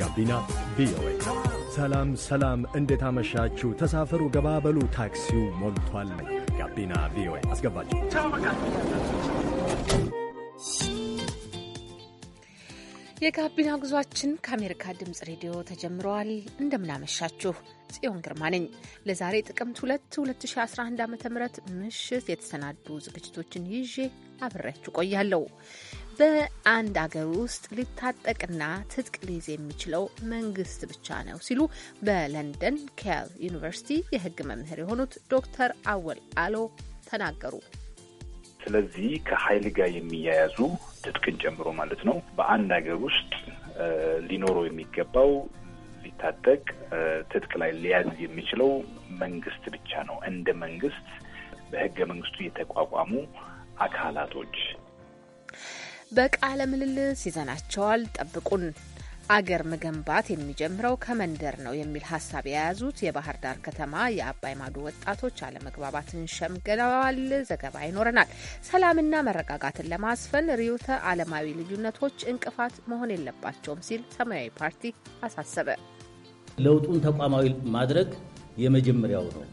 ጋቢና ቪኦኤ። ሰላም ሰላም፣ እንዴት አመሻችሁ? ተሳፈሩ፣ ገባበሉ፣ ታክሲው ሞልቷል። ጋቢና ቪኦኤ አስገባችሁ። የጋቢና ጉዟችን ከአሜሪካ ድምፅ ሬዲዮ ተጀምረዋል። እንደምናመሻችሁ ጽዮን ግርማ ነኝ። ለዛሬ ጥቅምት 2 2011 ዓ ም ምሽት የተሰናዱ ዝግጅቶችን ይዤ አብሬያችሁ ቆያለሁ። በአንድ አገር ውስጥ ሊታጠቅና ትጥቅ ሊይዝ የሚችለው መንግስት ብቻ ነው ሲሉ በለንደን ኬል ዩኒቨርሲቲ የህግ መምህር የሆኑት ዶክተር አወል አሎ ተናገሩ። ስለዚህ ከኃይል ጋር የሚያያዙ ትጥቅን ጨምሮ ማለት ነው በአንድ ሀገር ውስጥ ሊኖረው የሚገባው ሊታጠቅ ትጥቅ ላይ ሊያዝ የሚችለው መንግስት ብቻ ነው። እንደ መንግስት በህገ መንግስቱ የተቋቋሙ አካላቶች በቃለ ምልልስ ይዘናቸዋል። ጠብቁን። አገር መገንባት የሚጀምረው ከመንደር ነው የሚል ሀሳብ የያዙት የባህር ዳር ከተማ የአባይ ማዶ ወጣቶች አለመግባባትን ሸምግለዋል። ዘገባ ይኖረናል። ሰላምና መረጋጋትን ለማስፈን ርዕዮተ ዓለማዊ ልዩነቶች እንቅፋት መሆን የለባቸውም ሲል ሰማያዊ ፓርቲ አሳሰበ። ለውጡን ተቋማዊ ማድረግ የመጀመሪያው ነው።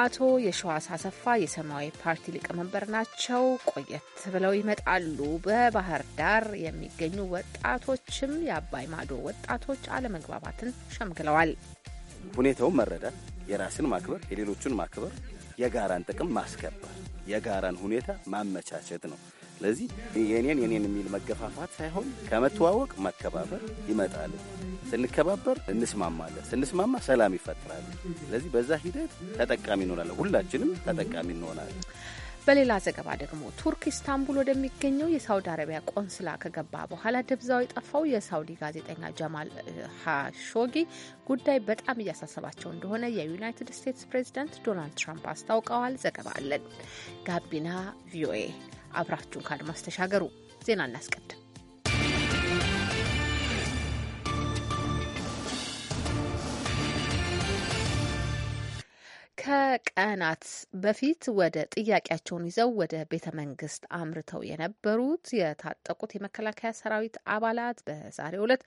አቶ የሸዋስ አሰፋ የሰማያዊ ፓርቲ ሊቀመንበር ናቸው። ቆየት ብለው ይመጣሉ። በባህር ዳር የሚገኙ ወጣቶችም የአባይ ማዶ ወጣቶች አለመግባባትን ሸምግለዋል። ሁኔታውን መረዳት፣ የራስን ማክበር፣ የሌሎቹን ማክበር፣ የጋራን ጥቅም ማስከበር፣ የጋራን ሁኔታ ማመቻቸት ነው። ስለዚህ የኔን የኔን የሚል መገፋፋት ሳይሆን ከመተዋወቅ መከባበር ይመጣል። ስንከባበር እንስማማለን፣ ስንስማማ ሰላም ይፈጥራል። ስለዚህ በዛ ሂደት ተጠቃሚ እንሆናለን፣ ሁላችንም ተጠቃሚ እንሆናለን። በሌላ ዘገባ ደግሞ ቱርክ ኢስታንቡል ወደሚገኘው የሳውዲ አረቢያ ቆንስላ ከገባ በኋላ ደብዛው የጠፋው የሳውዲ ጋዜጠኛ ጀማል ሃሾጊ ጉዳይ በጣም እያሳሰባቸው እንደሆነ የዩናይትድ ስቴትስ ፕሬዚደንት ዶናልድ ትራምፕ አስታውቀዋል። ዘገባ አለን። ጋቢና ቪኦኤ አብራችሁን ከአድማስ ተሻገሩ። ዜና እናስቀድም። ከቀናት በፊት ወደ ጥያቄያቸውን ይዘው ወደ ቤተ መንግስት አምርተው የነበሩት የታጠቁት የመከላከያ ሰራዊት አባላት በዛሬው ዕለት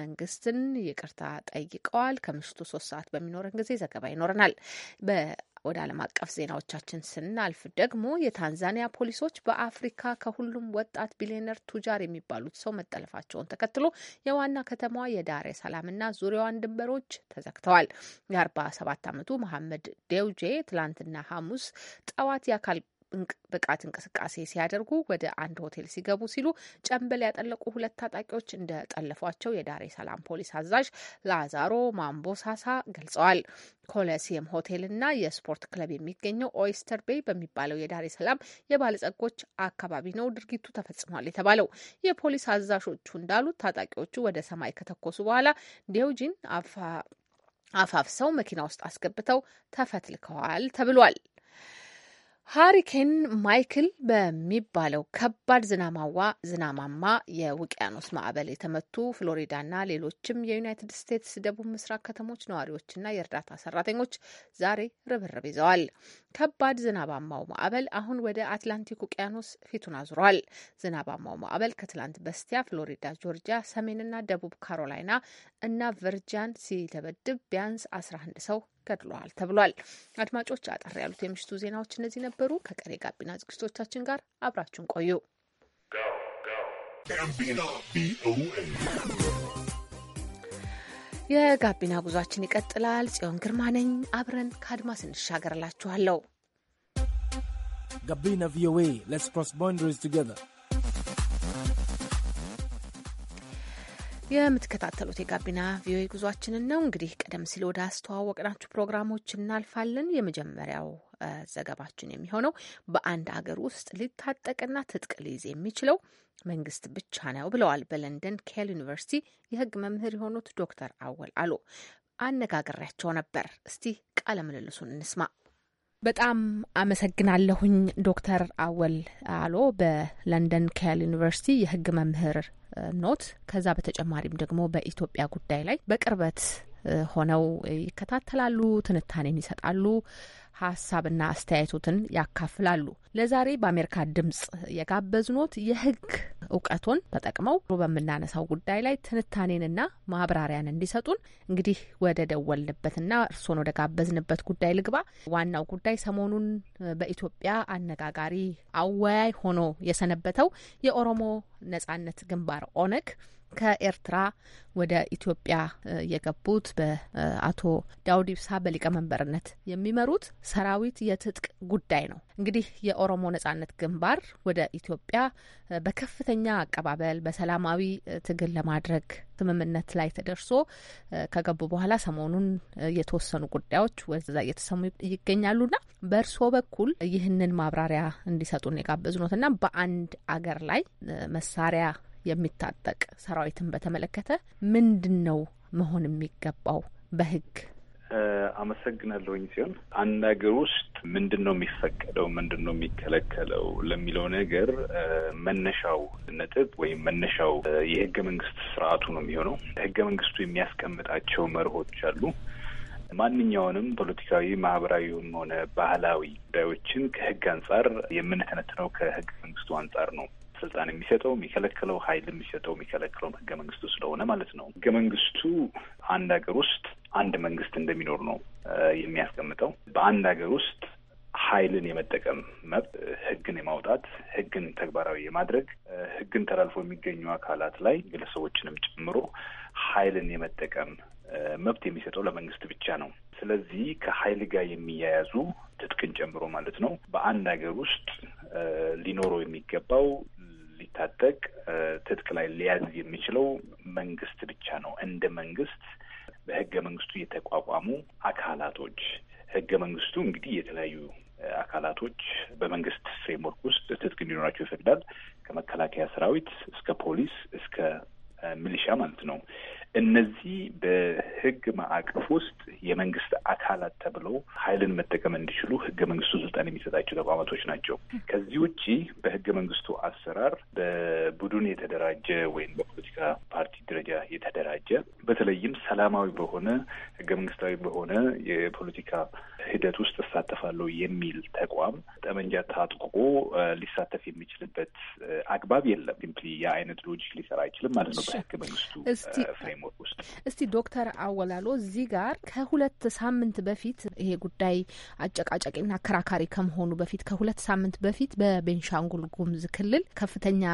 መንግስትን ይቅርታ ጠይቀዋል። ከምሽቱ ሶስት ሰዓት በሚኖረን ጊዜ ዘገባ ይኖረናል። ወደ ዓለም አቀፍ ዜናዎቻችን ስናልፍ ደግሞ የታንዛኒያ ፖሊሶች በአፍሪካ ከሁሉም ወጣት ቢሊዮነር ቱጃር የሚባሉት ሰው መጠለፋቸውን ተከትሎ የዋና ከተማዋ የዳሬ ሰላምና ዙሪያዋን ድንበሮች ተዘግተዋል። የ47 ዓመቱ መሐመድ ዴውጄ ትላንትና ሐሙስ ጠዋት የአካል ብቃት እንቅስቃሴ ሲያደርጉ ወደ አንድ ሆቴል ሲገቡ ሲሉ ጨንበል ያጠለቁ ሁለት ታጣቂዎች እንደጠለፏቸው የዳሬ ሰላም ፖሊስ አዛዥ ላዛሮ ማምቦሳሳ ገልጸዋል። ኮለሲየም ሆቴልና የስፖርት ክለብ የሚገኘው ኦይስተር ቤይ በሚባለው የዳሬ ሰላም የባለጸጎች አካባቢ ነው ድርጊቱ ተፈጽሟል የተባለው። የፖሊስ አዛዦቹ እንዳሉት ታጣቂዎቹ ወደ ሰማይ ከተኮሱ በኋላ ዴውጂን አፋፍሰው መኪና ውስጥ አስገብተው ተፈትልከዋል ተብሏል። ሃሪኬን ማይክል በሚባለው ከባድ ዝናማዋ ዝናማማ የውቅያኖስ ማዕበል የተመቱ ፍሎሪዳና ሌሎችም የዩናይትድ ስቴትስ ደቡብ ምስራቅ ከተሞች ነዋሪዎችና የእርዳታ ሰራተኞች ዛሬ ርብርብ ይዘዋል። ከባድ ዝናባማው ማዕበል አሁን ወደ አትላንቲክ ውቅያኖስ ፊቱን አዙሯል። ዝናባማው ማዕበል ከትላንት በስቲያ ፍሎሪዳ፣ ጆርጂያ፣ ሰሜንና ደቡብ ካሮላይና እና ቨርጂያን ሲደበድብ ቢያንስ 11 ሰው ገድለዋል ተብሏል። አድማጮች አጠር ያሉት የምሽቱ ዜናዎች እነዚህ ነበሩ። ከቀሬ ጋቢና ዝግጅቶቻችን ጋር አብራችሁን ቆዩ። የጋቢና ጉዟችን ይቀጥላል። ጽዮን ግርማ ነኝ። አብረን ከአድማስ እንሻገርላችኋለሁ። ጋቢና ቪኦኤ ሌትስ ክሮስ ባውንደሪስ ቱጌዘር የምትከታተሉት የጋቢና ቪኦኤ ጉዟችንን ነው። እንግዲህ ቀደም ሲል ወደ አስተዋወቅናችሁ ፕሮግራሞች እናልፋለን። የመጀመሪያው ዘገባችን የሚሆነው በአንድ አገር ውስጥ ሊታጠቅና ትጥቅ ሊይዝ የሚችለው መንግስት ብቻ ነው ብለዋል በለንደን ኬል ዩኒቨርሲቲ የህግ መምህር የሆኑት ዶክተር አወል አሎ አነጋግሬያቸው ነበር። እስቲ ቃለ ምልልሱን እንስማ። በጣም አመሰግናለሁኝ ዶክተር አወል አሎ በለንደን ኬል ዩኒቨርሲቲ የህግ መምህር ኖት። ከዛ በተጨማሪም ደግሞ በኢትዮጵያ ጉዳይ ላይ በቅርበት ሆነው ይከታተላሉ፣ ትንታኔን ይሰጣሉ። ሀሳብና አስተያየቶትን ያካፍላሉ። ለዛሬ በአሜሪካ ድምጽ የጋበዝኖት የህግ እውቀቶን ተጠቅመው በምናነሳው ጉዳይ ላይ ትንታኔንና ማብራሪያን እንዲሰጡን እንግዲህ ወደ ደወልንበትና እርስዎን ወደ ጋበዝንበት ጉዳይ ልግባ። ዋናው ጉዳይ ሰሞኑን በኢትዮጵያ አነጋጋሪ አወያይ ሆኖ የሰነበተው የኦሮሞ ነጻነት ግንባር ኦነግ ከኤርትራ ወደ ኢትዮጵያ የገቡት በአቶ ዳውድ ኢብሳ በሊቀመንበርነት የሚመሩት ሰራዊት የትጥቅ ጉዳይ ነው። እንግዲህ የኦሮሞ ነጻነት ግንባር ወደ ኢትዮጵያ በከፍተኛ አቀባበል በሰላማዊ ትግል ለማድረግ ስምምነት ላይ ተደርሶ ከገቡ በኋላ ሰሞኑን የተወሰኑ ጉዳዮች ወዛ እየተሰሙ ይገኛሉና በእርስዎ በኩል ይህንን ማብራሪያ እንዲሰጡን ና በአንድ አገር ላይ መሳሪያ የሚታጠቅ ሰራዊትን በተመለከተ ምንድን ነው መሆን የሚገባው በህግ? አመሰግናለሁኝ ሲሆን አንድ ሀገር ውስጥ ምንድን ነው የሚፈቀደው ምንድን ነው የሚከለከለው ለሚለው ነገር መነሻው ነጥብ ወይም መነሻው የህገ መንግስት ስርዓቱ ነው የሚሆነው። ህገ መንግስቱ የሚያስቀምጣቸው መርሆች አሉ። ማንኛውንም ፖለቲካዊ፣ ማህበራዊም ሆነ ባህላዊ ጉዳዮችን ከህግ አንጻር የምንተነትነው ከህገ መንግስቱ አንጻር ነው። ስልጣን የሚሰጠው የሚከለክለው ኃይል የሚሰጠው የሚከለክለው ህገ መንግስቱ ስለሆነ ማለት ነው። ህገ መንግስቱ አንድ ሀገር ውስጥ አንድ መንግስት እንደሚኖር ነው የሚያስቀምጠው። በአንድ ሀገር ውስጥ ኃይልን የመጠቀም መብት፣ ህግን የማውጣት፣ ህግን ተግባራዊ የማድረግ ህግን ተላልፎ የሚገኙ አካላት ላይ ግለሰቦችንም ጨምሮ ኃይልን የመጠቀም መብት የሚሰጠው ለመንግስት ብቻ ነው። ስለዚህ ከኃይል ጋር የሚያያዙ ትጥቅን ጨምሮ ማለት ነው በአንድ ሀገር ውስጥ ሊኖረው የሚገባው ሊታጠቅ ትጥቅ ላይ ሊያዝ የሚችለው መንግስት ብቻ ነው። እንደ መንግስት በህገ መንግስቱ የተቋቋሙ አካላቶች ህገ መንግስቱ እንግዲህ የተለያዩ አካላቶች በመንግስት ፍሬምወርክ ውስጥ ትጥቅ እንዲኖራቸው ይፈቅዳል። ከመከላከያ ሰራዊት እስከ ፖሊስ እስከ ሚሊሻ ማለት ነው። እነዚህ በህግ ማዕቀፍ ውስጥ የመንግስት አካላት ተብለው ኃይልን መጠቀም እንዲችሉ ህገ መንግስቱ ስልጣን የሚሰጣቸው ተቋማቶች ናቸው። ከዚህ ውጪ በህገ መንግስቱ አሰራር በቡድን የተደራጀ ወይም በፖለቲካ ፓርቲ ደረጃ የተደራጀ በተለይም ሰላማዊ በሆነ ህገ መንግስታዊ በሆነ የፖለቲካ ሂደት ውስጥ እሳተፋለሁ የሚል ተቋም ጠመንጃ ታጥቆ ሊሳተፍ የሚችልበት አግባብ የለም። ሲምፕሊ የአይነት ሎጂክ ሊሰራ አይችልም ማለት ነው በህገ መንግስቱ ፍሬም ፍሬምወርክ ውስጥ። እስቲ ዶክተር አወላሎ እዚህ ጋር ከሁለት ሳምንት በፊት ይሄ ጉዳይ አጨቃጫቂና አከራካሪ ከመሆኑ በፊት ከሁለት ሳምንት በፊት በቤንሻንጉል ጉምዝ ክልል ከፍተኛ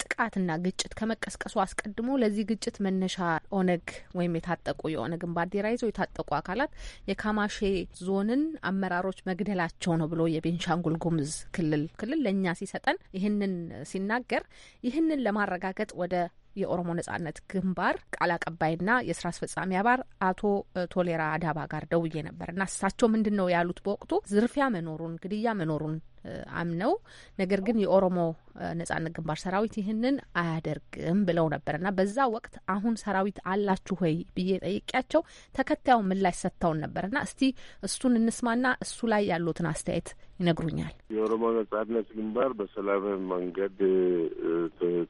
ጥቃትና ግጭት ከመቀስቀሱ አስቀድሞ ለዚህ ግጭት መነሻ ኦነግ ወይም የታጠቁ የኦነግን ባንዲራ ይዘው የታጠቁ አካላት የካማሼ ዞንን አመራሮች መግደላቸው ነው ብሎ የቤንሻንጉል ጉምዝ ክልል ክልል ለእኛ ሲሰጠን ይህንን ሲናገር ይህንን ለማረጋገጥ ወደ የኦሮሞ ነጻነት ግንባር ቃል አቀባይና የስራ አስፈጻሚ አባር አቶ ቶሌራ አዳባ ጋር ደውዬ ነበር እና እሳቸው ምንድን ነው ያሉት በወቅቱ ዝርፊያ መኖሩን፣ ግድያ መኖሩን አምነው ነገር ግን የኦሮሞ ነጻነት ግንባር ሰራዊት ይህንን አያደርግም ብለው ነበር እና በዛ ወቅት አሁን ሰራዊት አላችሁ ወይ ብዬ ጠይቂያቸው ተከታዩ ምላሽ ሰጥተውን ነበር እና እስቲ እሱን እንስማና እሱ ላይ ያሉትን አስተያየት ይነግሩኛል። የኦሮሞ ነጻነት ግንባር በሰላማዊ መንገድ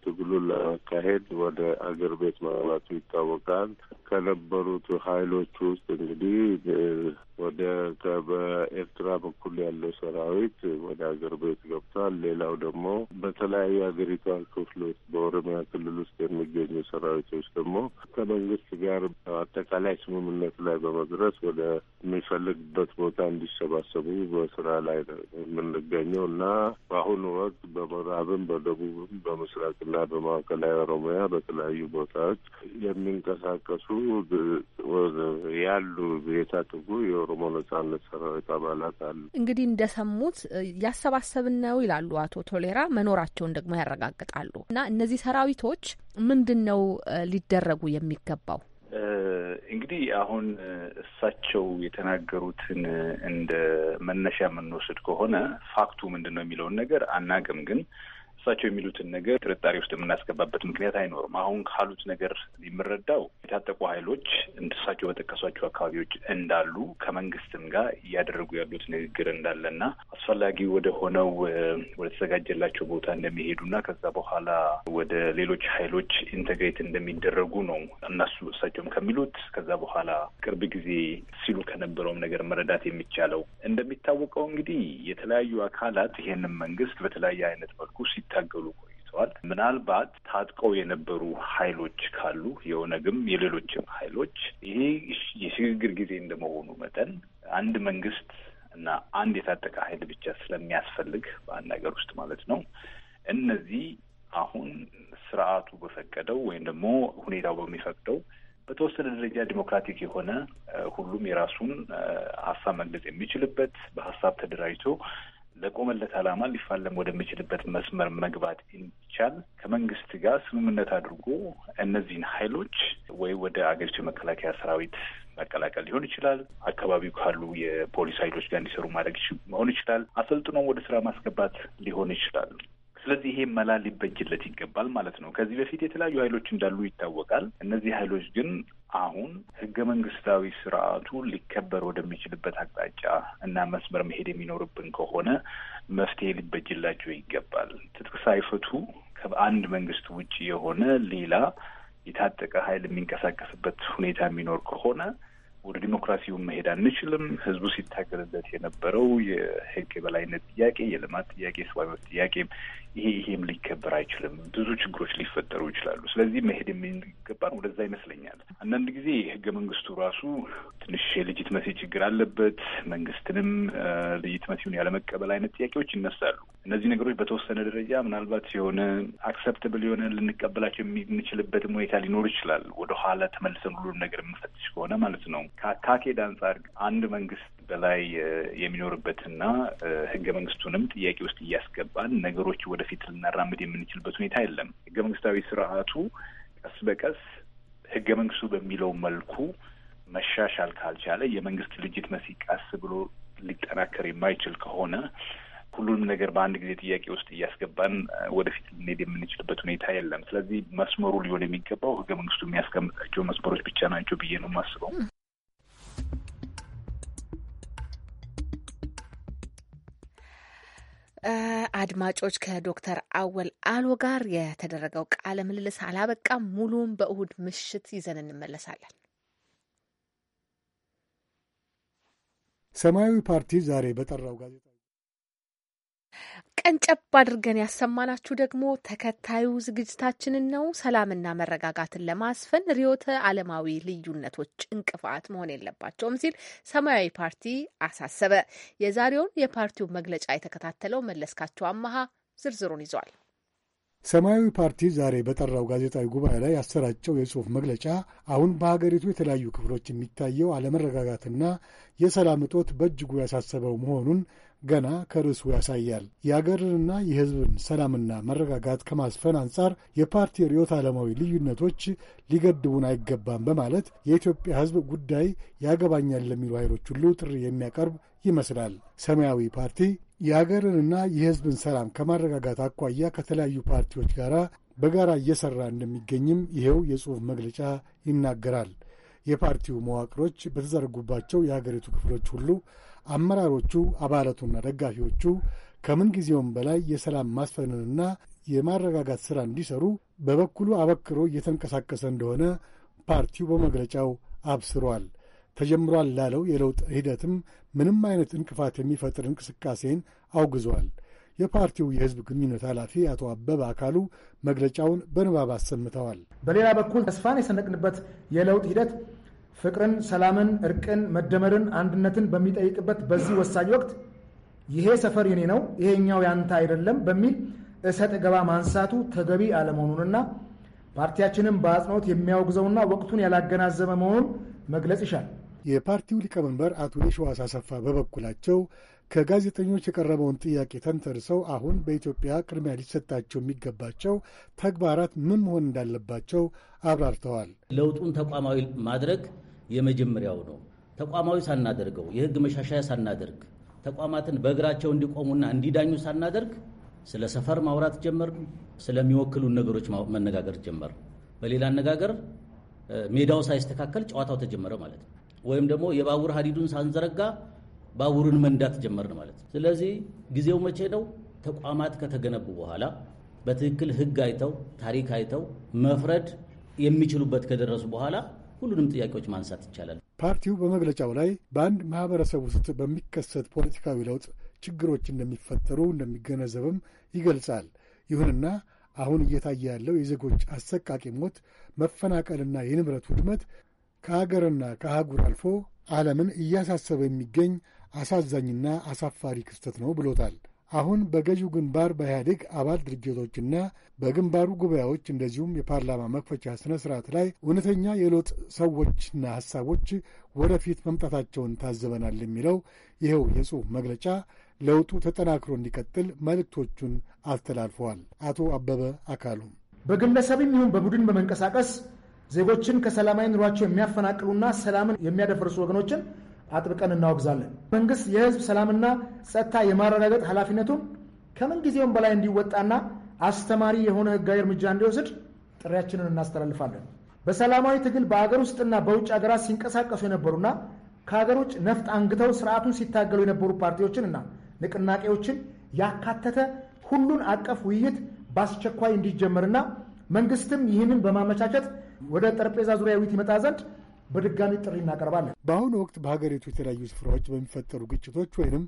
ትግሉን ለመካሄድ ወደ አገር ቤት መግባቱ ይታወቃል። ከነበሩት ኃይሎች ውስጥ እንግዲህ ወደ በኤርትራ በኩል ያለው ሰራዊት ወደ አገር ቤት ገብቷል። ሌላው ደግሞ በ በተለያዩ ሀገሪቷ ክፍሎች በኦሮሚያ ክልል ውስጥ የሚገኙ ሰራዊቶች ደግሞ ከመንግስት ጋር አጠቃላይ ስምምነት ላይ በመድረስ ወደ የሚፈልግበት ቦታ እንዲሰባሰቡ በስራ ላይ የምንገኘው እና በአሁኑ ወቅት በምዕራብም በደቡብም በምስራቅና በማዕከላዊ ኦሮሚያ በተለያዩ ቦታዎች የሚንቀሳቀሱ ያሉ የታጠቁ የኦሮሞ ነጻነት ሰራዊት አባላት አሉ። እንግዲህ እንደሰሙት ያሰባሰብን ነው ይላሉ አቶ ቶሌራ መኖር መኖራቸውን ደግሞ ያረጋግጣሉ። እና እነዚህ ሰራዊቶች ምንድን ነው ሊደረጉ የሚገባው? እንግዲህ አሁን እሳቸው የተናገሩትን እንደ መነሻ የምንወስድ ከሆነ ፋክቱ ምንድን ነው የሚለውን ነገር አናቅም ግን እሳቸው የሚሉትን ነገር ጥርጣሬ ውስጥ የምናስገባበት ምክንያት አይኖርም። አሁን ካሉት ነገር የሚረዳው የታጠቁ ኃይሎች እንድሳቸው በጠቀሷቸው አካባቢዎች እንዳሉ ከመንግስትም ጋር እያደረጉ ያሉት ንግግር እንዳለና አስፈላጊ ወደ ሆነው ወደ ተዘጋጀላቸው ቦታ እንደሚሄዱና ከዛ በኋላ ወደ ሌሎች ኃይሎች ኢንተግሬት እንደሚደረጉ ነው እነሱ እሳቸውም ከሚሉት ከዛ በኋላ ቅርብ ጊዜ ሲሉ ከነበረውም ነገር መረዳት የሚቻለው እንደሚታወቀው እንግዲህ የተለያዩ አካላት ይሄንን መንግስት በተለያየ አይነት መልኩ ሲታገሉ ቆይተዋል። ምናልባት ታጥቀው የነበሩ ኃይሎች ካሉ የኦነግም የሌሎችም ኃይሎች ይሄ የሽግግር ጊዜ እንደመሆኑ መጠን አንድ መንግስት እና አንድ የታጠቀ ኃይል ብቻ ስለሚያስፈልግ በአንድ ሀገር ውስጥ ማለት ነው እነዚህ አሁን ስርዓቱ በፈቀደው ወይም ደግሞ ሁኔታው በሚፈቅደው በተወሰነ ደረጃ ዲሞክራቲክ የሆነ ሁሉም የራሱን ሀሳብ መግለጽ የሚችልበት በሀሳብ ተደራጅቶ ለቆመለት ዓላማ ሊፋለም ወደሚችልበት መስመር መግባት እንዲቻል ከመንግስት ጋር ስምምነት አድርጎ እነዚህን ኃይሎች ወይ ወደ አገሪቱ የመከላከያ ሰራዊት መቀላቀል ሊሆን ይችላል። አካባቢው ካሉ የፖሊስ ኃይሎች ጋር እንዲሰሩ ማድረግ መሆን ይችላል። አሰልጥኖ ወደ ስራ ማስገባት ሊሆን ይችላል። ስለዚህ ይሄ መላ ሊበጅለት ይገባል ማለት ነው። ከዚህ በፊት የተለያዩ ኃይሎች እንዳሉ ይታወቃል። እነዚህ ኃይሎች ግን አሁን ህገ መንግስታዊ ስርዓቱ ሊከበር ወደሚችልበት አቅጣጫ እና መስመር መሄድ የሚኖርብን ከሆነ መፍትሄ ሊበጅላቸው ይገባል። ትጥቅ ሳይፈቱ ከአንድ መንግስት ውጭ የሆነ ሌላ የታጠቀ ኃይል የሚንቀሳቀስበት ሁኔታ የሚኖር ከሆነ ወደ ዲሞክራሲው መሄድ አንችልም። ህዝቡ ሲታገልለት የነበረው የህግ የበላይነት ጥያቄ፣ የልማት ጥያቄ፣ የሰብአዊ መብት ጥያቄም ይሄ ይሄም ሊከበር አይችልም። ብዙ ችግሮች ሊፈጠሩ ይችላሉ። ስለዚህ መሄድ የሚገባን ወደዛ ይመስለኛል። አንዳንድ ጊዜ ህገ መንግስቱ ራሱ ትንሽ የልጅት መሴ ችግር አለበት። መንግስትንም ልጅት መሲውን ያለመቀበል አይነት ጥያቄዎች ይነሳሉ። እነዚህ ነገሮች በተወሰነ ደረጃ ምናልባት የሆነ አክሰፕተብል የሆነ ልንቀበላቸው የምንችልበትም ሁኔታ ሊኖር ይችላል። ወደኋላ ተመልሰን ሁሉን ነገር የምንፈትሽ ከሆነ ማለት ነው። ከአካኬድ አንጻር አንድ መንግስት በላይ የሚኖርበትና ህገ መንግስቱንም ጥያቄ ውስጥ እያስገባን ነገሮች ወደፊት ልናራምድ የምንችልበት ሁኔታ የለም። ህገ መንግስታዊ ስርዓቱ ቀስ በቀስ ህገ መንግስቱ በሚለው መልኩ መሻሻል ካልቻለ የመንግስት ልጅት መሲ ቀስ ብሎ ሊጠናከር የማይችል ከሆነ ሁሉንም ነገር በአንድ ጊዜ ጥያቄ ውስጥ እያስገባን ወደፊት ልንሄድ የምንችልበት ሁኔታ የለም። ስለዚህ መስመሩ ሊሆን የሚገባው ህገ መንግስቱ የሚያስቀምጣቸው መስመሮች ብቻ ናቸው ብዬ ነው የማስበው። አድማጮች ከዶክተር አወል አሎ ጋር የተደረገው ቃለ ምልልስ አላበቃም። ሙሉም በእሁድ ምሽት ይዘን እንመለሳለን። ሰማያዊ ፓርቲ ዛሬ በጠራው ጋዜጣ ቀንጨብ አድርገን ያሰማናችሁ ደግሞ ተከታዩ ዝግጅታችንን ነው። ሰላምና መረጋጋትን ለማስፈን ርዕዮተ ዓለማዊ ልዩነቶች እንቅፋት መሆን የለባቸውም ሲል ሰማያዊ ፓርቲ አሳሰበ። የዛሬውን የፓርቲውን መግለጫ የተከታተለው መለስካቸው አመሃ ዝርዝሩን ይዟል። ሰማያዊ ፓርቲ ዛሬ በጠራው ጋዜጣዊ ጉባኤ ላይ ያሰራጨው የጽሑፍ መግለጫ አሁን በሀገሪቱ የተለያዩ ክፍሎች የሚታየው አለመረጋጋትና የሰላም እጦት በእጅጉ ያሳሰበው መሆኑን ገና ከርዕሱ ያሳያል። የአገርንና የሕዝብን ሰላምና መረጋጋት ከማስፈን አንጻር የፓርቲ ርዕዮተ ዓለማዊ ልዩነቶች ሊገድቡን አይገባም በማለት የኢትዮጵያ ሕዝብ ጉዳይ ያገባኛል ለሚሉ ኃይሎች ሁሉ ጥሪ የሚያቀርብ ይመስላል። ሰማያዊ ፓርቲ የአገርንና የሕዝብን ሰላም ከማረጋጋት አኳያ ከተለያዩ ፓርቲዎች ጋር በጋራ እየሠራ እንደሚገኝም ይኸው የጽሑፍ መግለጫ ይናገራል። የፓርቲው መዋቅሮች በተዘረጉባቸው የአገሪቱ ክፍሎች ሁሉ አመራሮቹ፣ አባላቱና ደጋፊዎቹ ከምንጊዜውም በላይ የሰላም ማስፈንንና የማረጋጋት ሥራ እንዲሰሩ በበኩሉ አበክሮ እየተንቀሳቀሰ እንደሆነ ፓርቲው በመግለጫው አብስሯል። ተጀምሯል ላለው የለውጥ ሂደትም ምንም አይነት እንቅፋት የሚፈጥር እንቅስቃሴን አውግዟል። የፓርቲው የህዝብ ግንኙነት ኃላፊ አቶ አበበ አካሉ መግለጫውን በንባብ አሰምተዋል። በሌላ በኩል ተስፋን የሰነቅንበት የለውጥ ሂደት ፍቅርን፣ ሰላምን፣ እርቅን፣ መደመርን፣ አንድነትን በሚጠይቅበት በዚህ ወሳኝ ወቅት ይሄ ሰፈር የኔ ነው ይሄኛው ያንተ አይደለም በሚል እሰጥ ገባ ማንሳቱ ተገቢ አለመሆኑንና ፓርቲያችንን በአጽንኦት የሚያወግዘውና ወቅቱን ያላገናዘበ መሆኑን መግለጽ ይሻል። የፓርቲው ሊቀመንበር አቶ የሸዋስ አሰፋ በበኩላቸው ከጋዜጠኞች የቀረበውን ጥያቄ ተንተርሰው አሁን በኢትዮጵያ ቅድሚያ ሊሰጣቸው የሚገባቸው ተግባራት ምን መሆን እንዳለባቸው አብራርተዋል። ለውጡን ተቋማዊ ማድረግ የመጀመሪያው ነው። ተቋማዊ ሳናደርገው የህግ መሻሻያ ሳናደርግ ተቋማትን በእግራቸው እንዲቆሙና እንዲዳኙ ሳናደርግ ስለ ሰፈር ማውራት ጀመር፣ ስለሚወክሉን ነገሮች መነጋገር ጀመር። በሌላ አነጋገር ሜዳው ሳይስተካከል ጨዋታው ተጀመረ ማለት ነው። ወይም ደግሞ የባቡር ሀዲዱን ሳንዘረጋ ባቡርን መንዳት ጀመርን ማለት ነው። ስለዚህ ጊዜው መቼ ነው? ተቋማት ከተገነቡ በኋላ በትክክል ህግ አይተው ታሪክ አይተው መፍረድ የሚችሉበት ከደረሱ በኋላ ሁሉንም ጥያቄዎች ማንሳት ይቻላል። ፓርቲው በመግለጫው ላይ በአንድ ማህበረሰብ ውስጥ በሚከሰት ፖለቲካዊ ለውጥ ችግሮች እንደሚፈጠሩ እንደሚገነዘብም ይገልጻል። ይሁንና አሁን እየታየ ያለው የዜጎች አሰቃቂ ሞት፣ መፈናቀልና የንብረት ውድመት ከሀገርና ከአህጉር አልፎ ዓለምን እያሳሰበ የሚገኝ አሳዛኝና አሳፋሪ ክስተት ነው ብሎታል አሁን በገዢው ግንባር በኢህአዴግ አባል ድርጅቶችና በግንባሩ ጉባኤዎች እንደዚሁም የፓርላማ መክፈቻ ሥነ ሥርዓት ላይ እውነተኛ የለውጥ ሰዎችና ሐሳቦች ወደፊት መምጣታቸውን ታዝበናል የሚለው ይኸው የጽሑፍ መግለጫ ለውጡ ተጠናክሮ እንዲቀጥል መልእክቶቹን አስተላልፈዋል። አቶ አበበ አካሉ በግለሰብም ይሁን በቡድን በመንቀሳቀስ ዜጎችን ከሰላማዊ ኑሯቸው የሚያፈናቅሉና ሰላምን የሚያደፈርሱ ወገኖችን አጥብቀን እናወግዛለን። መንግስት የህዝብ ሰላምና ጸጥታ የማረጋገጥ ኃላፊነቱን ከምንጊዜውም በላይ እንዲወጣና አስተማሪ የሆነ ህጋዊ እርምጃ እንዲወስድ ጥሪያችንን እናስተላልፋለን። በሰላማዊ ትግል በአገር ውስጥና በውጭ ሀገራት ሲንቀሳቀሱ የነበሩና ከአገር ውጭ ነፍጥ አንግተው ስርዓቱን ሲታገሉ የነበሩ ፓርቲዎችንና ንቅናቄዎችን ያካተተ ሁሉን አቀፍ ውይይት በአስቸኳይ እንዲጀመርና መንግስትም ይህንን በማመቻቸት ወደ ጠረጴዛ ዙሪያ ውይይት ይመጣ ዘንድ በድጋሚ ጥሪ እናቀርባለን። በአሁኑ ወቅት በሀገሪቱ የተለያዩ ስፍራዎች በሚፈጠሩ ግጭቶች ወይንም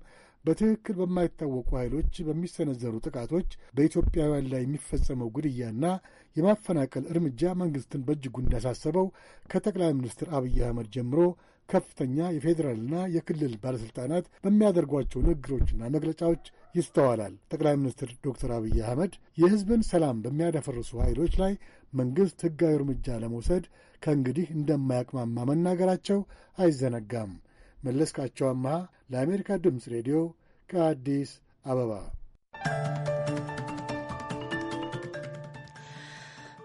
በትክክል በማይታወቁ ኃይሎች በሚሰነዘሩ ጥቃቶች በኢትዮጵያውያን ላይ የሚፈጸመው ግድያና የማፈናቀል እርምጃ መንግስትን በእጅጉ እንዳሳሰበው ከጠቅላይ ሚኒስትር አብይ አህመድ ጀምሮ ከፍተኛ የፌዴራልና የክልል ባለሥልጣናት በሚያደርጓቸው ንግግሮችና መግለጫዎች ይስተዋላል። ጠቅላይ ሚኒስትር ዶክተር አብይ አህመድ የሕዝብን ሰላም በሚያደፈርሱ ኃይሎች ላይ መንግሥት ሕጋዊ እርምጃ ለመውሰድ ከእንግዲህ እንደማያቅማማ መናገራቸው አይዘነጋም። መለስካቸው አምሃ ለአሜሪካ ድምፅ ሬዲዮ ከአዲስ አበባ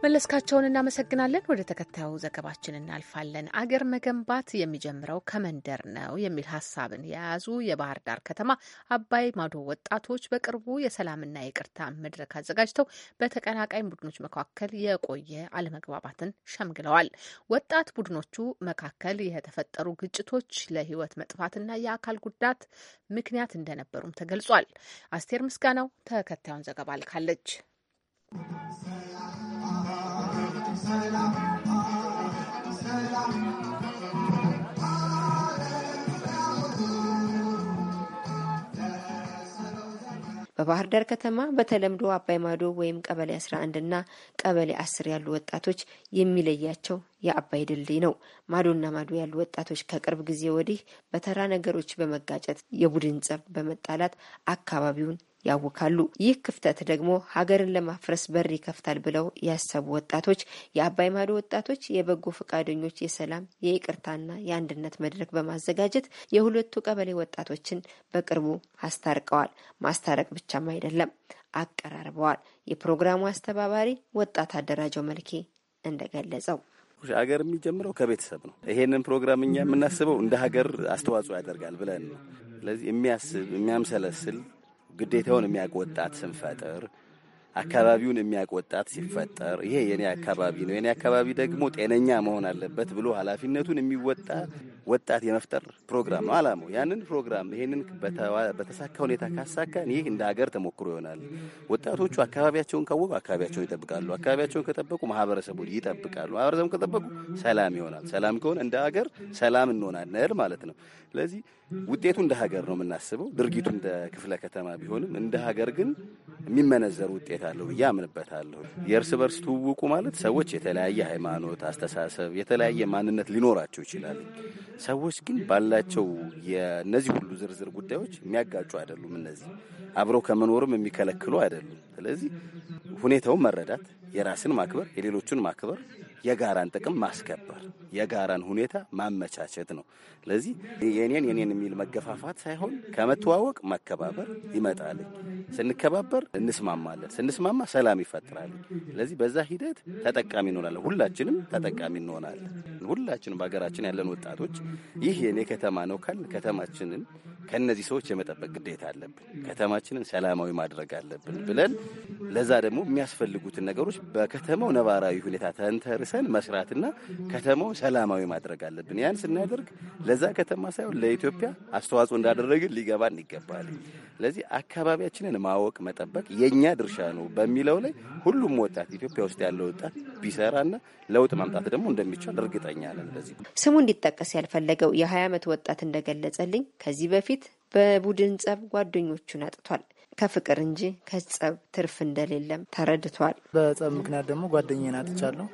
መለስካቸውን እናመሰግናለን። ወደ ተከታዩ ዘገባችን እናልፋለን። አገር መገንባት የሚጀምረው ከመንደር ነው የሚል ሀሳብን የያዙ የባህር ዳር ከተማ አባይ ማዶ ወጣቶች በቅርቡ የሰላምና የቅርታ መድረክ አዘጋጅተው በተቀናቃኝ ቡድኖች መካከል የቆየ አለመግባባትን ሸምግለዋል። ወጣት ቡድኖቹ መካከል የተፈጠሩ ግጭቶች ለህይወት መጥፋትና የአካል ጉዳት ምክንያት እንደነበሩም ተገልጿል። አስቴር ምስጋናው ተከታዩን ዘገባ ልካለች። በባህር ዳር ከተማ በተለምዶ አባይ ማዶ ወይም ቀበሌ 11 እና ቀበሌ አስር ያሉ ወጣቶች የሚለያቸው የአባይ ድልድይ ነው። ማዶና ማዶ ያሉ ወጣቶች ከቅርብ ጊዜ ወዲህ በተራ ነገሮች በመጋጨት የቡድን ጸብ በመጣላት አካባቢውን ያውካሉ። ይህ ክፍተት ደግሞ ሀገርን ለማፍረስ በር ይከፍታል ብለው ያሰቡ ወጣቶች፣ የአባይ ማዶ ወጣቶች፣ የበጎ ፈቃደኞች የሰላም የይቅርታና የአንድነት መድረክ በማዘጋጀት የሁለቱ ቀበሌ ወጣቶችን በቅርቡ አስታርቀዋል። ማስታረቅ ብቻም አይደለም አቀራርበዋል። የፕሮግራሙ አስተባባሪ ወጣት አደራጀው መልኬ እንደገለጸው ሀገር የሚጀምረው ከቤተሰብ ነው። ይሄንን ፕሮግራም እኛ የምናስበው እንደ ሀገር አስተዋጽኦ ያደርጋል ብለን ነው። ስለዚህ የሚያስብ የሚያምሰለስል ግዴታውን የሚያውቅ ወጣት ስንፈጥር አካባቢውን የሚያውቅ ወጣት ሲፈጠር ይሄ የኔ አካባቢ ነው፣ የኔ አካባቢ ደግሞ ጤነኛ መሆን አለበት ብሎ ኃላፊነቱን የሚወጣ ወጣት የመፍጠር ፕሮግራም ነው አላማው። ያንን ፕሮግራም ይሄንን በተሳካ ሁኔታ ካሳካን ይህ እንደ ሀገር ተሞክሮ ይሆናል። ወጣቶቹ አካባቢያቸውን ካወቁ አካባቢያቸውን ይጠብቃሉ። አካባቢያቸውን ከጠበቁ ማህበረሰቡን ይጠብቃሉ። ማህበረሰቡን ከጠበቁ ሰላም ይሆናል። ሰላም ከሆነ እንደ ሀገር ሰላም እንሆናለን ማለት ነው። ስለዚህ ውጤቱ እንደ ሀገር ነው የምናስበው። ድርጊቱ እንደ ክፍለ ከተማ ቢሆንም እንደ ሀገር ግን የሚመነዘር ውጤት አለው ብዬ አምንበታለሁ። የእርስ በርስ ትውውቁ ማለት ሰዎች የተለያየ ሃይማኖት፣ አስተሳሰብ፣ የተለያየ ማንነት ሊኖራቸው ይችላል። ሰዎች ግን ባላቸው የእነዚህ ሁሉ ዝርዝር ጉዳዮች የሚያጋጩ አይደሉም። እነዚህ አብረው ከመኖርም የሚከለክሉ አይደሉም። ስለዚህ ሁኔታውን መረዳት፣ የራስን ማክበር፣ የሌሎቹን ማክበር የጋራን ጥቅም ማስከበር፣ የጋራን ሁኔታ ማመቻቸት ነው። ስለዚህ የኔን የኔን የሚል መገፋፋት ሳይሆን ከመተዋወቅ መከባበር ይመጣል። ስንከባበር እንስማማለን፣ ስንስማማ ሰላም ይፈጥራል። ስለዚህ በዛ ሂደት ተጠቃሚ እንሆናለን፣ ሁላችንም ተጠቃሚ እንሆናለን። ሁላችንም በሀገራችን ያለን ወጣቶች ይህ የኔ ከተማ ነው ካል ከተማችንን ከእነዚህ ሰዎች የመጠበቅ ግዴታ አለብን። ከተማችንን ሰላማዊ ማድረግ አለብን ብለን ለዛ ደግሞ የሚያስፈልጉትን ነገሮች በከተማው ነባራዊ ሁኔታ ተንተርሰን መስራትና ከተማው ሰላማዊ ማድረግ አለብን። ያን ስናደርግ ለዛ ከተማ ሳይሆን ለኢትዮጵያ አስተዋጽኦ እንዳደረግን ሊገባን ይገባል። ስለዚህ አካባቢያችንን ማወቅ መጠበቅ የእኛ ድርሻ ነው በሚለው ላይ ሁሉም ወጣት ኢትዮጵያ ውስጥ ያለው ወጣት ቢሰራና ለውጥ ማምጣት ደግሞ እንደሚቻል እርግጠኛ ነን። ስሙ እንዲጠቀስ ያልፈለገው የሀያ ዓመት ወጣት እንደገለጸልኝ ከዚህ በፊት በፊት በቡድን ጸብ ጓደኞቹን አጥቷል። ከፍቅር እንጂ ከጸብ ትርፍ እንደሌለም ተረድቷል። በጸብ ምክንያት ደግሞ ጓደኛዬን አጥቻለሁ።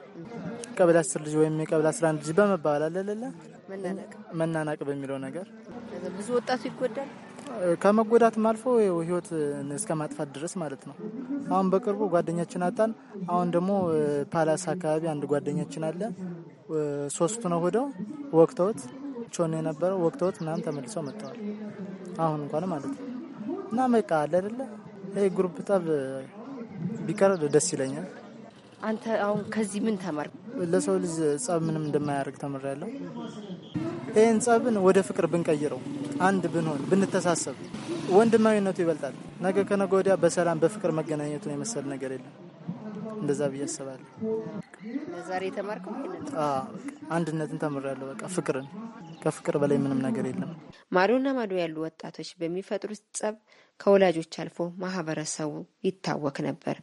ቀበሌ አስር ልጅ ወይም የቀበሌ አስራ አንድ ልጅ በመባል አለለለ መናናቅ በሚለው ነገር ብዙ ወጣቱ ይጎዳል። ከመጎዳትም አልፎ ህይወት እስከ ማጥፋት ድረስ ማለት ነው። አሁን በቅርቡ ጓደኛችን አጣን። አሁን ደግሞ ፓላስ አካባቢ አንድ ጓደኛችን አለ። ሶስቱ ነው ሆደው ወቅተውት ብቻውን ነው የነበረው። ወቅተውት ምናምን ተመልሰው መጥተዋል። አሁን እንኳን ማለት ነው እና በቃ አለ አይደለ ይሄ ግሩፕ ጠብ ቢቀር ደስ ይለኛል። አንተ አሁን ከዚህ ምን ተማር? ለሰው ልጅ ጸብ ምንም እንደማያደርግ ተምር ያለው ይህን ጸብን ወደ ፍቅር ብንቀይረው አንድ ብንሆን ብንተሳሰብ ወንድማዊነቱ ይበልጣል። ነገ ከነገ ወዲያ በሰላም በፍቅር መገናኘቱን የመሰለ ነገር የለም። እንደዛ ብዬ አስባለሁ። ዛሬ የተማርከው አንድነትን ተምሬያለሁ። በቃ ፍቅርን ከፍቅር በላይ ምንም ነገር የለም። ማዶና ማዶ ያሉ ወጣቶች በሚፈጥሩት ጸብ ከወላጆች አልፎ ማህበረሰቡ ይታወክ ነበር።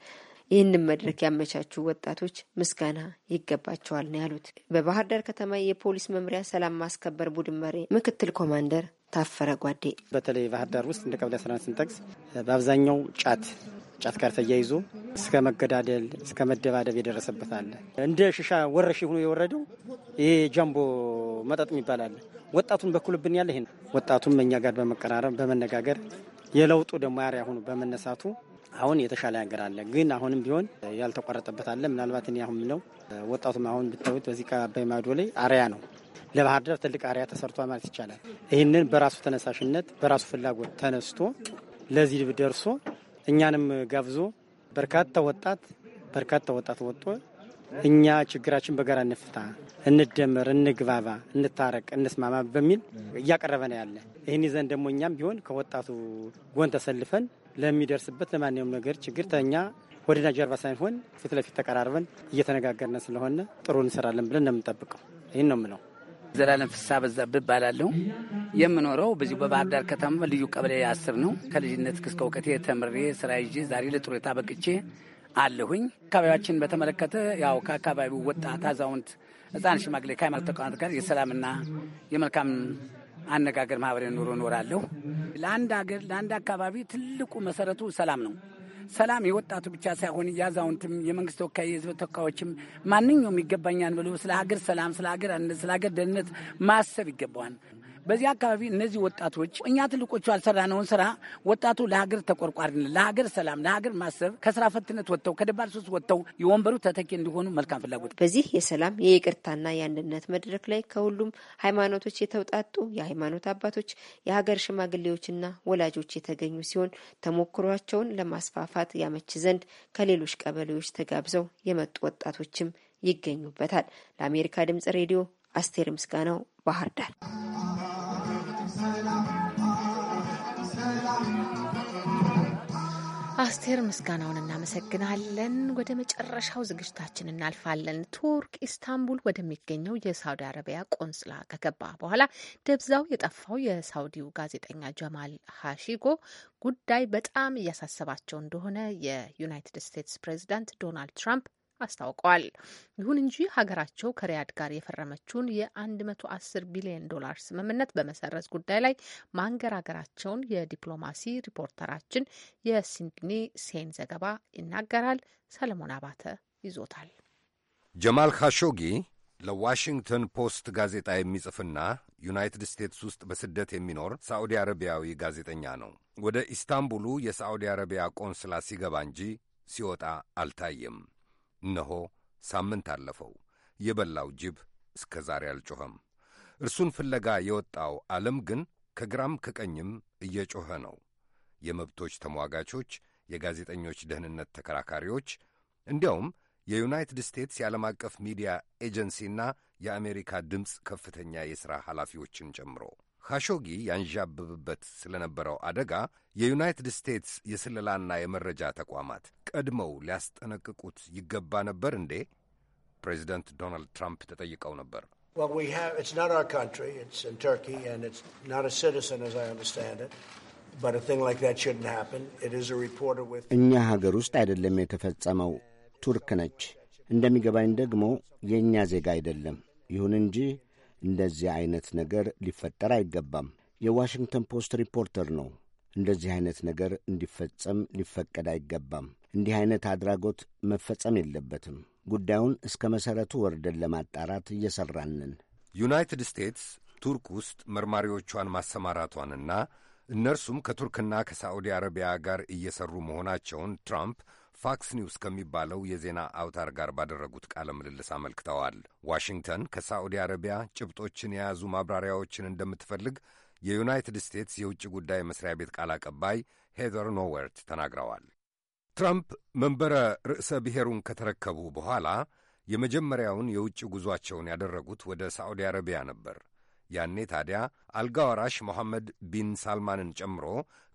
ይህንን መድረክ ያመቻቹ ወጣቶች ምስጋና ይገባቸዋል ነው ያሉት። በባህር ዳር ከተማ የፖሊስ መምሪያ ሰላም ማስከበር ቡድን መሪ ምክትል ኮማንደር ታፈረ ጓዴ በተለይ ባህር ዳር ውስጥ እንደ ቀበሌ ስራን ስንጠቅስ በአብዛኛው ጫት ጫት ጋር ተያይዞ እስከ መገዳደል እስከ መደባደብ የደረሰበት አለ። እንደ ሽሻ ወረሽ ሆኖ የወረደው ይሄ ጃምቦ መጠጥ የሚባላል ወጣቱን በኩልብን ያለ ይሄ ወጣቱም እኛ ጋር በመቀራረብ በመነጋገር የለውጡ ደግሞ አርአያ ሆኖ በመነሳቱ አሁን የተሻለ ነገር አለ። ግን አሁንም ቢሆን ያልተቋረጠበት አለ። ምናልባት እኔ አሁን ወጣቱም አሁን ብታዩት በዚህ ከአባይ ማዶ ላይ አርአያ ነው። ለባህር ዳር ትልቅ አርያ ተሰርቷል ማለት ይቻላል። ይህንን በራሱ ተነሳሽነት በራሱ ፍላጎት ተነስቶ ለዚህ ደርሶ እኛንም ጋብዞ በርካታ ወጣት በርካታ ወጣት ወጦ እኛ ችግራችን በጋራ እንፍታ፣ እንደመር፣ እንግባባ፣ እንታረቅ፣ እንስማማ በሚል እያቀረበ ነው ያለ። ይህን ይዘን ደግሞ እኛም ቢሆን ከወጣቱ ጎን ተሰልፈን ለሚደርስበት ለማንኛውም ነገር ችግር ተኛ ወደና ጀርባ ሳይሆን ፊት ለፊት ተቀራርበን እየተነጋገርን ስለሆነ ጥሩ እንሰራለን ብለን ነው የምንጠብቀው። ይህን ነው የምለው። ዘላለም ፍስሐ በዛብህ እባላለሁ። የምኖረው በዚሁ በባህር ዳር ከተማ ልዩ ቀበሌ አስር ነው። ከልጅነት እስከ እውቀቴ ተምሬ ስራ ይዤ ዛሬ ለጡረታ በቅቼ አለሁኝ። አካባቢያችን በተመለከተ ያው ከአካባቢው ወጣት፣ አዛውንት፣ ህፃን፣ ሽማግሌ ከሃይማኖት ተቋማት ጋር የሰላምና የመልካም አነጋገር ማህበሬ ኑሮ እኖራለሁ። ለአንድ ሀገር ለአንድ አካባቢ ትልቁ መሰረቱ ሰላም ነው። ሰላም የወጣቱ ብቻ ሳይሆን የአዛውንትም፣ የመንግስት ተወካይ፣ የህዝብ ተወካዮችም ማንኛውም ይገባኛል ብሎ ስለ ሀገር ሰላም፣ ስለ ሀገር አንድነት፣ ስለ ሀገር ደህንነት ማሰብ ይገባዋል። በዚህ አካባቢ እነዚህ ወጣቶች እኛ ትልቆቹ ያልሰራነውን ስራ ወጣቱ ለሀገር ተቆርቋሪነት፣ ለሀገር ሰላም፣ ለሀገር ማሰብ ከስራ ፈትነት ወጥተው ከደባል ሶስት ወጥተው የወንበሩ ተተኪ እንዲሆኑ መልካም ፍላጎት በዚህ የሰላም የይቅርታና የአንድነት መድረክ ላይ ከሁሉም ሃይማኖቶች የተውጣጡ የሃይማኖት አባቶች፣ የሀገር ሽማግሌዎችና ወላጆች የተገኙ ሲሆን ተሞክሯቸውን ለማስፋፋት ያመች ዘንድ ከሌሎች ቀበሌዎች ተጋብዘው የመጡ ወጣቶችም ይገኙበታል። ለአሜሪካ ድምጽ ሬዲዮ አስቴር ምስጋናው ባህር ዳር። አስቴር ምስጋናውን እናመሰግናለን። ወደ መጨረሻው ዝግጅታችን እናልፋለን። ቱርክ ኢስታንቡል ወደሚገኘው የሳውዲ አረቢያ ቆንስላ ከገባ በኋላ ደብዛው የጠፋው የሳውዲው ጋዜጠኛ ጀማል ሀሺጎ ጉዳይ በጣም እያሳሰባቸው እንደሆነ የዩናይትድ ስቴትስ ፕሬዚዳንት ዶናልድ ትራምፕ አስታውቀዋል። ይሁን እንጂ ሀገራቸው ከሪያድ ጋር የፈረመችውን የ110 ቢሊዮን ዶላር ስምምነት በመሰረዝ ጉዳይ ላይ ማንገራገራቸውን የዲፕሎማሲ ሪፖርተራችን የሲድኒ ሴን ዘገባ ይናገራል። ሰለሞን አባተ ይዞታል። ጀማል ካሾጊ ለዋሽንግተን ፖስት ጋዜጣ የሚጽፍና ዩናይትድ ስቴትስ ውስጥ በስደት የሚኖር ሳዑዲ አረቢያዊ ጋዜጠኛ ነው። ወደ ኢስታንቡሉ የሳዑዲ አረቢያ ቆንስላ ሲገባ እንጂ ሲወጣ አልታየም። እነሆ ሳምንት አለፈው። የበላው ጅብ እስከ ዛሬ አልጮኸም። እርሱን ፍለጋ የወጣው ዓለም ግን ከግራም ከቀኝም እየጮኸ ነው። የመብቶች ተሟጋቾች፣ የጋዜጠኞች ደህንነት ተከራካሪዎች እንዲያውም የዩናይትድ ስቴትስ የዓለም አቀፍ ሚዲያ ኤጀንሲና የአሜሪካ ድምፅ ከፍተኛ የሥራ ኃላፊዎችን ጨምሮ ካሾጊ ያንዣብብበት ስለነበረው አደጋ የዩናይትድ ስቴትስ የስለላና የመረጃ ተቋማት ቀድመው ሊያስጠነቅቁት ይገባ ነበር እንዴ? ፕሬዚደንት ዶናልድ ትራምፕ ተጠይቀው ነበር። እኛ ሀገር ውስጥ አይደለም የተፈጸመው፣ ቱርክ ነች። እንደሚገባኝ ደግሞ የእኛ ዜጋ አይደለም። ይሁን እንጂ እንደዚህ አይነት ነገር ሊፈጠር አይገባም። የዋሽንግተን ፖስት ሪፖርተር ነው። እንደዚህ አይነት ነገር እንዲፈጸም ሊፈቀድ አይገባም። እንዲህ አይነት አድራጎት መፈጸም የለበትም። ጉዳዩን እስከ መሠረቱ ወርደን ለማጣራት እየሠራንን ዩናይትድ ስቴትስ ቱርክ ውስጥ መርማሪዎቿን ማሰማራቷንና እነርሱም ከቱርክና ከሳዑዲ አረቢያ ጋር እየሠሩ መሆናቸውን ትራምፕ ፋክስ ኒውስ ከሚባለው የዜና አውታር ጋር ባደረጉት ቃለ ምልልስ አመልክተዋል። ዋሽንግተን ከሳዑዲ አረቢያ ጭብጦችን የያዙ ማብራሪያዎችን እንደምትፈልግ የዩናይትድ ስቴትስ የውጭ ጉዳይ መስሪያ ቤት ቃል አቀባይ ሄዘር ኖወርት ተናግረዋል። ትራምፕ መንበረ ርዕሰ ብሔሩን ከተረከቡ በኋላ የመጀመሪያውን የውጭ ጉዟቸውን ያደረጉት ወደ ሳዑዲ አረቢያ ነበር። ያኔ ታዲያ አልጋ ወራሽ ሞሐመድ ቢን ሳልማንን ጨምሮ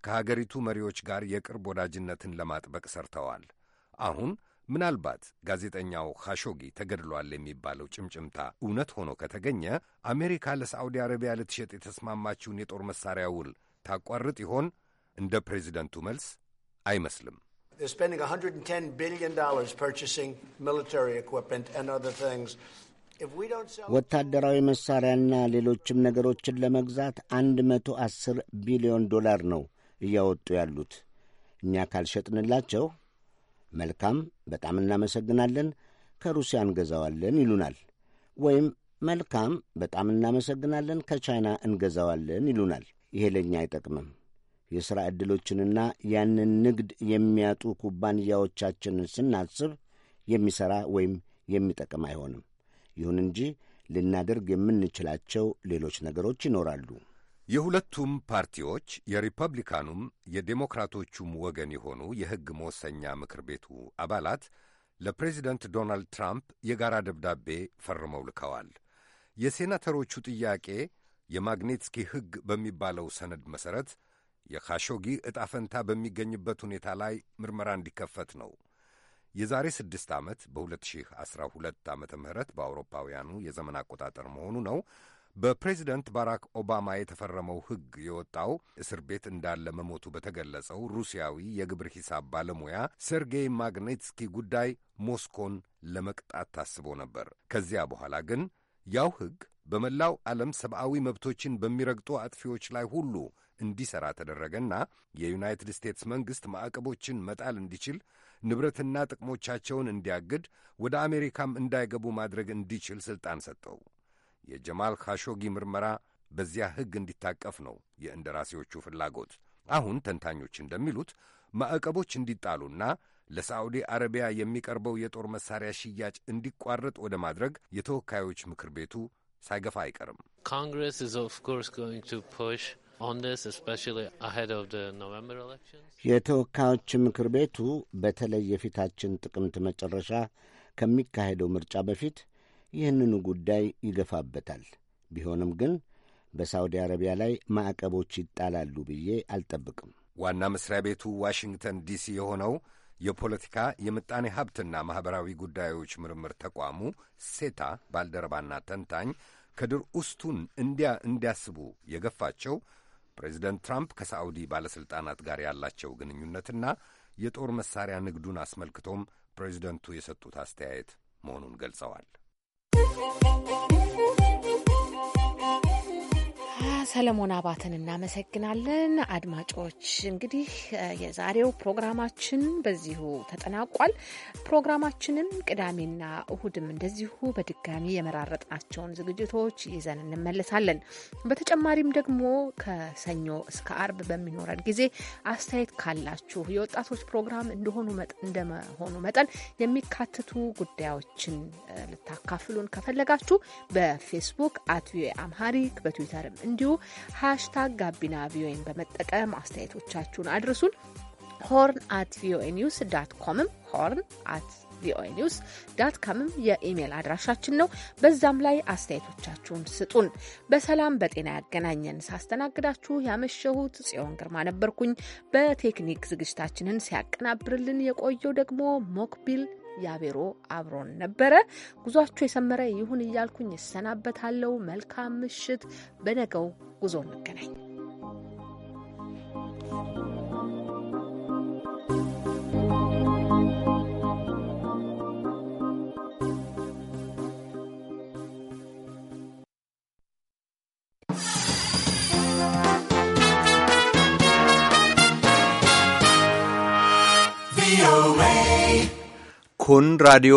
ከሀገሪቱ መሪዎች ጋር የቅርብ ወዳጅነትን ለማጥበቅ ሰርተዋል። አሁን ምናልባት ጋዜጠኛው ካሾጊ ተገድሏል የሚባለው ጭምጭምታ እውነት ሆኖ ከተገኘ አሜሪካ ለሳዑዲ አረቢያ ልትሸጥ የተስማማችውን የጦር መሳሪያ ውል ታቋርጥ ይሆን? እንደ ፕሬዚደንቱ መልስ አይመስልም። They're spending $110 billion purchasing military equipment and other things. ወታደራዊ መሳሪያና ሌሎችም ነገሮችን ለመግዛት 110 ቢሊዮን ዶላር ነው እያወጡ ያሉት። እኛ ካልሸጥንላቸው መልካም፣ በጣም እናመሰግናለን፣ ከሩሲያ እንገዛዋለን ይሉናል። ወይም መልካም፣ በጣም እናመሰግናለን፣ ከቻይና እንገዛዋለን ይሉናል። ይሄ ለእኛ አይጠቅምም። የሥራ ዕድሎችንና ያንን ንግድ የሚያጡ ኩባንያዎቻችንን ስናስብ የሚሠራ ወይም የሚጠቅም አይሆንም። ይሁን እንጂ ልናደርግ የምንችላቸው ሌሎች ነገሮች ይኖራሉ። የሁለቱም ፓርቲዎች የሪፐብሊካኑም የዴሞክራቶቹም ወገን የሆኑ የሕግ መወሰኛ ምክር ቤቱ አባላት ለፕሬዚደንት ዶናልድ ትራምፕ የጋራ ደብዳቤ ፈርመው ልከዋል። የሴናተሮቹ ጥያቄ የማግኔትስኪ ሕግ በሚባለው ሰነድ መሠረት የካሾጊ ዕጣ ፈንታ በሚገኝበት ሁኔታ ላይ ምርመራ እንዲከፈት ነው። የዛሬ ስድስት ዓመት በ2012 ዓ ምህረት በአውሮፓውያኑ የዘመን አቆጣጠር መሆኑ ነው። በፕሬዚደንት ባራክ ኦባማ የተፈረመው ሕግ የወጣው እስር ቤት እንዳለ መሞቱ በተገለጸው ሩሲያዊ የግብር ሂሳብ ባለሙያ ሴርጌይ ማግኔትስኪ ጉዳይ ሞስኮን ለመቅጣት ታስቦ ነበር። ከዚያ በኋላ ግን ያው ሕግ በመላው ዓለም ሰብአዊ መብቶችን በሚረግጡ አጥፊዎች ላይ ሁሉ እንዲሠራ ተደረገና የዩናይትድ ስቴትስ መንግሥት ማዕቀቦችን መጣል እንዲችል ንብረትና ጥቅሞቻቸውን እንዲያግድ ወደ አሜሪካም እንዳይገቡ ማድረግ እንዲችል ሥልጣን ሰጠው። የጀማል ካሾጊ ምርመራ በዚያ ሕግ እንዲታቀፍ ነው የእንደራሴዎቹ ፍላጎት። አሁን ተንታኞች እንደሚሉት ማዕቀቦች እንዲጣሉና ለሳዑዲ አረቢያ የሚቀርበው የጦር መሳሪያ ሽያጭ እንዲቋረጥ ወደ ማድረግ የተወካዮች ምክር ቤቱ ሳይገፋ አይቀርም። ኮንግረስ ኦፍ ኮርስ ጎይንግ ቱ ፑሽ የተወካዮች ምክር ቤቱ በተለይ የፊታችን ጥቅምት መጨረሻ ከሚካሄደው ምርጫ በፊት ይህንኑ ጉዳይ ይገፋበታል። ቢሆንም ግን በሳውዲ አረቢያ ላይ ማዕቀቦች ይጣላሉ ብዬ አልጠብቅም። ዋና መስሪያ ቤቱ ዋሽንግተን ዲሲ የሆነው የፖለቲካ የምጣኔ ሀብትና ማኅበራዊ ጉዳዮች ምርምር ተቋሙ ሴታ ባልደረባና ተንታኝ ከድር ውስቱን እንዲያ እንዲያስቡ የገፋቸው ፕሬዚደንት ትራምፕ ከሳዑዲ ባለሥልጣናት ጋር ያላቸው ግንኙነትና የጦር መሳሪያ ንግዱን አስመልክቶም ፕሬዚደንቱ የሰጡት አስተያየት መሆኑን ገልጸዋል። ሰለሞን አባትን እናመሰግናለን። አድማጮች እንግዲህ የዛሬው ፕሮግራማችን በዚሁ ተጠናቋል። ፕሮግራማችንም ቅዳሜና እሁድም እንደዚሁ በድጋሚ የመራረጥናቸውን ዝግጅቶች ይዘን እንመለሳለን። በተጨማሪም ደግሞ ከሰኞ እስከ አርብ በሚኖረን ጊዜ አስተያየት ካላችሁ የወጣቶች ፕሮግራም እንደሆኑ እንደመሆኑ መጠን የሚካትቱ ጉዳዮችን ልታካፍሉን ከፈለጋችሁ በፌስቡክ አት ቪኦኤ አምሃሪክ በትዊተርም እንዲሁ ሀሽታግ ጋቢና ቪኦኤን በመጠቀም አስተያየቶቻችሁን አድርሱን። ሆርን አት ቪኦኤ ኒውስ ዳት ኮምም ሆርን አት ቪኦኤ ኒውስ ዳት ካምም የኢሜይል አድራሻችን ነው። በዛም ላይ አስተያየቶቻችሁን ስጡን። በሰላም በጤና ያገናኘን። ሳስተናግዳችሁ ያመሸሁት ጽዮን ግርማ ነበርኩኝ። በቴክኒክ ዝግጅታችንን ሲያቀናብርልን የቆየው ደግሞ ሞክቢል ያቤሮ አብሮን ነበረ። ጉዟችሁ የሰመረ ይሁን እያልኩኝ ይሰናበታለሁ። መልካም ምሽት። በነገው ጉዞ እንገናኝ። kun raadiyoo